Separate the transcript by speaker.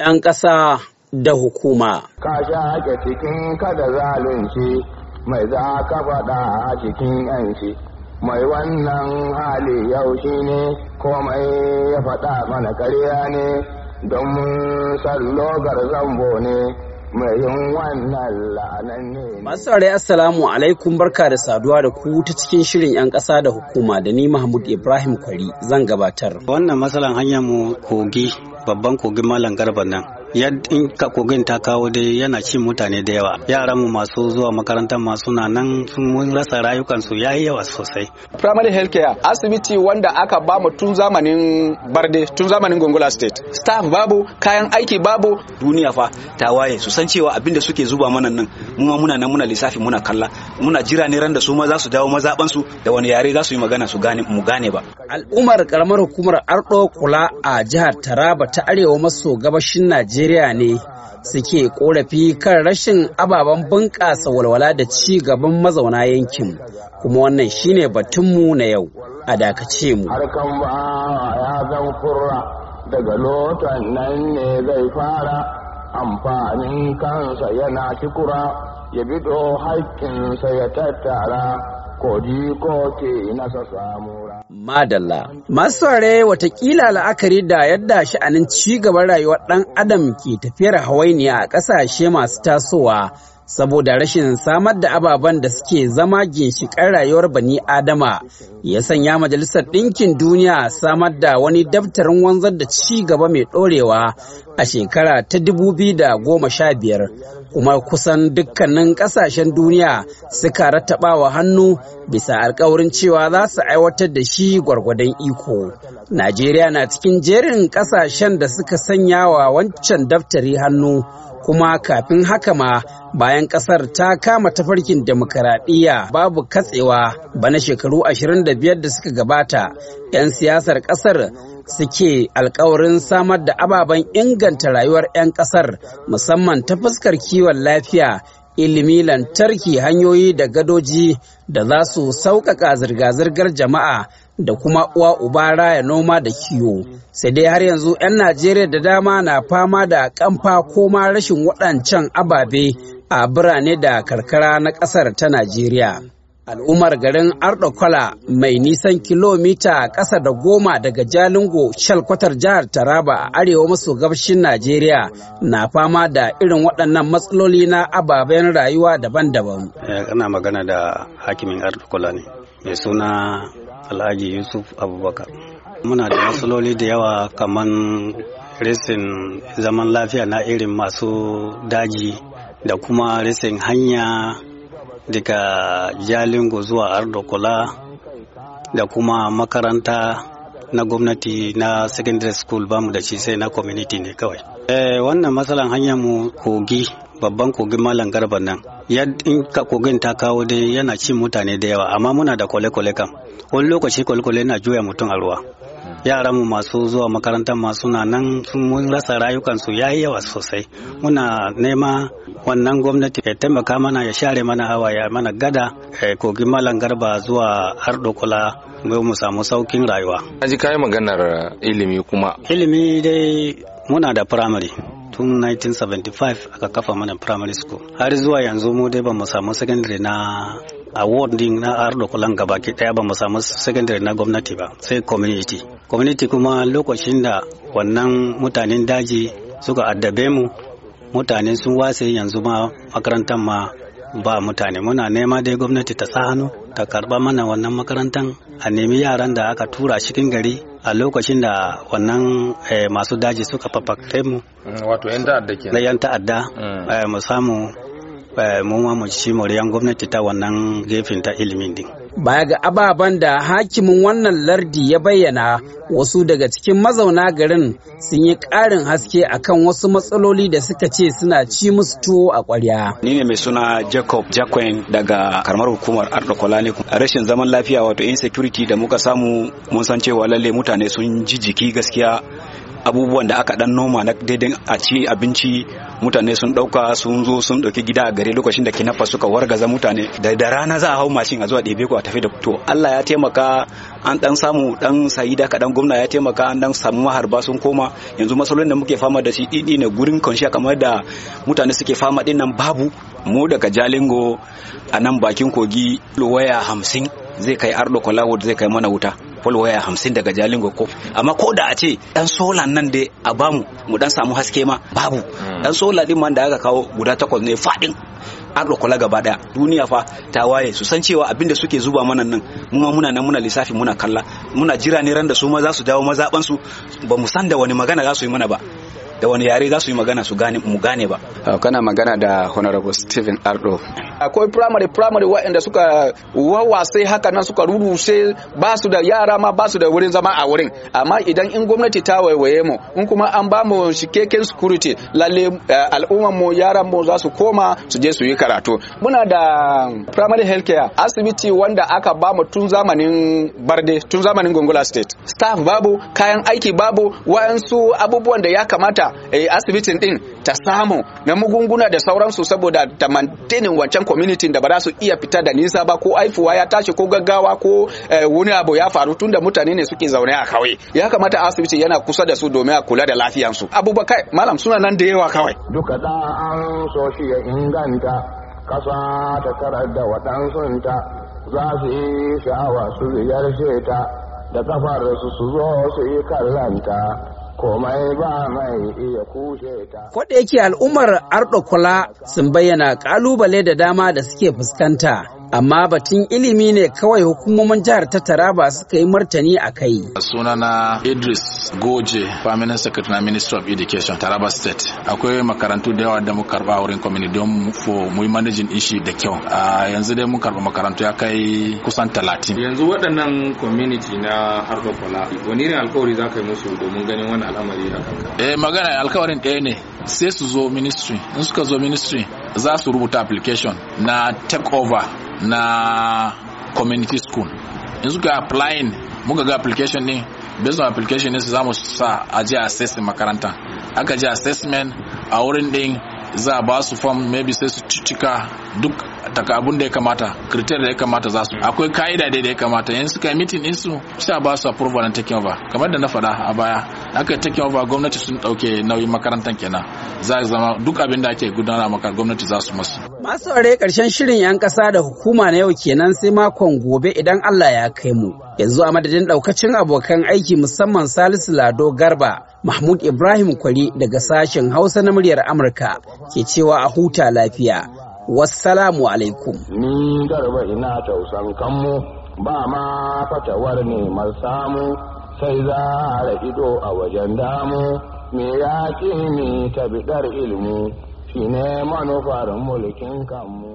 Speaker 1: 'yan ƙasa da hukuma.
Speaker 2: Ka cikin kada zalunci mai za ka faɗa a cikin yanci mai wannan hali yau shi ne komai ya faɗa mana karya ne don mun san logar zambo ne.
Speaker 1: Masarai Assalamu alaikum barka da saduwa da ku ta cikin shirin 'yan ƙasa da hukuma da ni Mahmud
Speaker 3: Ibrahim Kwari zan gabatar. Wannan matsalan hanyar mu kogi babban kogin malam garba nan ka kogin ta kawo dai yana ci mutane da yawa yaran mu masu zuwa makarantar masu na nan sun rasa rayukan su yayi yawa sosai primary health care asibiti
Speaker 4: wanda aka ba mu tun zamanin barde tun zamanin gongola state staff babu kayan aiki
Speaker 5: babu duniya fa ta waye su san cewa abinda suke zuba mana nan mu ma muna nan muna lissafi muna kalla muna jira ne ran da su ma za su dawo mazaban su da wani yare za su yi magana su gane mu gane ba
Speaker 1: al'ummar karamar hukumar ardo kula a jihar taraba ta arewa maso gabashin najeriya Najeriya ne suke korafi kan rashin ababen bunƙasa walwala da ci gaban mazauna yankin kuma wannan shine batunmu na yau a dakace mu.
Speaker 2: Harkan ba ya zan kurra daga lotan nan ne zai fara amfanin kansa yana kikura ya bido haƙƙinsa ya tattara.
Speaker 1: Madalla. Masu ware watakila la'akari da yadda sha'anin ci gaban rayuwar ɗan adam ke tafiyar hawainiya a ƙasashe masu tasowa saboda rashin samar da ababen da suke zama ginshiƙar rayuwar bani adama ya sanya majalisar ɗinkin duniya samar da wani daftarin wanzar da ci gaba mai ɗorewa a shekara ta goma sha biyar, kuma kusan dukkanin ƙasashen duniya suka rattabawa hannu bisa alkawarin cewa za su aiwatar da shi gwargwadon iko najeriya na cikin jerin ƙasashen da suka sanya wa wancan daftari hannu kuma kafin haka ma bayan bayan kasar ta kama tafarkin demokaradiyya babu katsewa bana shekaru 25 da suka gabata 'yan siyasar kasar suke alkawarin samar da ababen inganta rayuwar 'yan kasar musamman ta fuskar kiwon lafiya ilimi lantarki hanyoyi da gadoji da za su sauƙaƙa zirga-zirgar jama'a da kuma uwa uba raya noma da kiwo sai dai har yanzu 'yan najeriya da dama na fama da kamfa ko ma rashin waɗancan ababe a birane da karkara na ƙasar ta Najeriya. Al'ummar garin Ardokola mai nisan kilomita ƙasa da goma daga Jalingo shalkwatar jihar Taraba a arewa maso gabashin Najeriya na fama da irin waɗannan matsaloli na ababen rayuwa daban-daban.
Speaker 3: Kana eh, magana da hakimin Ardokola ne, mai suna Alhaji Yusuf Abubakar. Muna da matsaloli da yawa kamar resin zaman lafiya na irin masu daji. da kuma rasin hanya daga jalingo zuwa ardokola da kuma makaranta na gwamnati na secondary school bamu da shi sai na community ne kawai eh, wannan matsalan hanyar mu kogi babban kogi malam garba nan in kogin ta kawo dai yana cin mutane da yawa amma muna da kwale-kwale kam wani lokaci kwale-kwale na juya mutum a ruwa yaran mu masu zuwa makarantar masu na nan mun rasa rayukansu yayi yawa sosai muna nema wannan gwamnati ya taimaka mana ya share mana hawa ya mana gada kogin malam garba zuwa kula mu samu saukin rayuwa. ji kayi maganar ilimi kuma. Ilimi dai muna da firamare tun 1975 aka kafa mana primary school har zuwa yanzu mu dai ba mu samu secondary na award din na ardo kulan gaba ki daya ba mu samu secondary na gwamnati ba sai community Community kuma lokacin da wannan mutanen daji suka addabe mu mutane sun wase yanzu ma makarantar ma ba mutane muna nema dai gwamnati ta sa hannu ta karba mana wannan makarantar a nemi yaran da aka tura cikin gari a lokacin da wannan eh, masu daji suka fafakte mu
Speaker 6: mm, wato yan ta'adda ke yan ta'adda mm.
Speaker 3: eh, mu samu eh, mu ma mu ci moriyan gwamnati ta wannan gefen ta ilimin din
Speaker 1: baya ga ababen da hakimin wannan lardi ya bayyana wasu daga cikin mazauna garin sun yi ƙarin haske akan wasu matsaloli da suka ce suna ci musu tuwo a ƙwarya.
Speaker 5: ni ne mai suna jacob jacquin daga karamar hukumar a rashin zaman lafiya wato insecurity da muka samu mun san cewa lalle mutane sun ji jiki gaskiya abubuwan da aka dan noma na daidai a ci abinci mutane sun dauka sun zo sun dauki gida a gare lokacin da kinafa suka wargaza mutane da da rana za a hau mashin a zuwa ɗebe ku a tafi da to Allah ya taimaka an dan samu dan sayi da kadan gwamna ya taimaka an dan samu maharba sun koma yanzu masalolin da muke fama da shi ɗiɗi ne gurin kwanciya kamar da mutane suke fama din nan babu mu daga Jalingo a nan bakin kogi waya hamsin zai kai Ardo Kolawod zai kai mana wuta polwaya hamsin daga jalingo ko amma ko da a ce dan sola nan dai a bamu mu dan samu haske ma
Speaker 3: babu dan
Speaker 5: hmm. sola din man da aka kawo guda takwas ne fadin ardo kula gaba daya duniya fa ta waye su san cewa abinda suke zuba mana nan mu ma muna nan muna lissafi muna kalla muna jira ne ran da su ma za su dawo mazaban su ba mu san da wani magana za su yi mana ba da wani yare za su yi magana su gane mu gane ba
Speaker 4: kana magana da honorable Stephen Ardo akwai primary primary waɗanda suka wawasai haka nan suka ruruse ba su da yara ma ba su da wurin zama a wurin amma idan in gwamnati ta waiwaye mu in kuma an ba mu shikeken security lalle eh, al'umman mu yaran mu za su koma su je su yi karatu muna da primary health asibiti wanda aka ba mu tun zamanin barde tun zamanin gongola state staff babu kayan aiki babu wayansu abubuwan da ya kamata Eh, asibitin din ta samu na magunguna da sauransu saboda ta mantenin wancan community da ba za su iya fita da nisa ba ko aifuwa ya tashi ko gaggawa ko eh, wani abu ya faru tunda mutane ne suke zaune a kawai ya kamata asibiti yana kusa da su domin a kula da lafiyansu abubakar malam suna nan da yawa kawai
Speaker 2: duka da an so shi ya inganta kasa ta tarar da waɗansunta za su yi sha'awa su ziyarce ta da kafar su su zo su yi kallanta komai ba mai iya kushe ta.
Speaker 1: Kwaɗe yake al'ummar Arɗo Kula sun bayyana ƙalubale da dama da suke fuskanta amma batun ilimi ne kawai hukumomin jihar ta taraba suka yi martani a kai
Speaker 6: sunana idris goje permanent secretary na minister of education taraba state akwai makarantu da yawa da mu karba a wurin community don fo mu managing ishi da kyau a yanzu dai mun karba makarantu ya kai kusan talatin
Speaker 4: yanzu waɗannan community na harba kwala wani irin alkawari za ka yi musu domin ganin wani al'amari a kanka
Speaker 6: eh magana alkawarin ɗaya ne sai su zo ministry in suka zo ministry za su rubuta application na take over na community school in suka applying muka ga application ne based on application su za mu sa aji assessment makaranta aka ji assessment a wurin ɗin za a ba su form maybe sai su cika duk taka abun da ya kamata criteria da ya kamata za su akwai ka'ida da ya kamata yanzu suka yi meeting din su sai ba su approval na taking over kamar da na faɗa a baya aka take over gwamnati sun dauke nauyin makarantar kenan za a zama duk abin da ake gudana maka gwamnati za su masu
Speaker 1: masu ware karshen shirin yan kasa da hukuma na yau kenan sai makon gobe idan Allah ya kai mu yanzu a madadin daukacin abokan aiki musamman Salisu Lado Garba Mahmud Ibrahim Kwari daga sashen Hausa na muryar Amurka ke cewa a huta lafiya wassalamu alaikum
Speaker 2: ni garba ina tausan kanmu ba ma fatawar ne samu sai za a ido a wajen damu me ya ce ni ta bidar ilimi shi ne manufar mulkin kanmu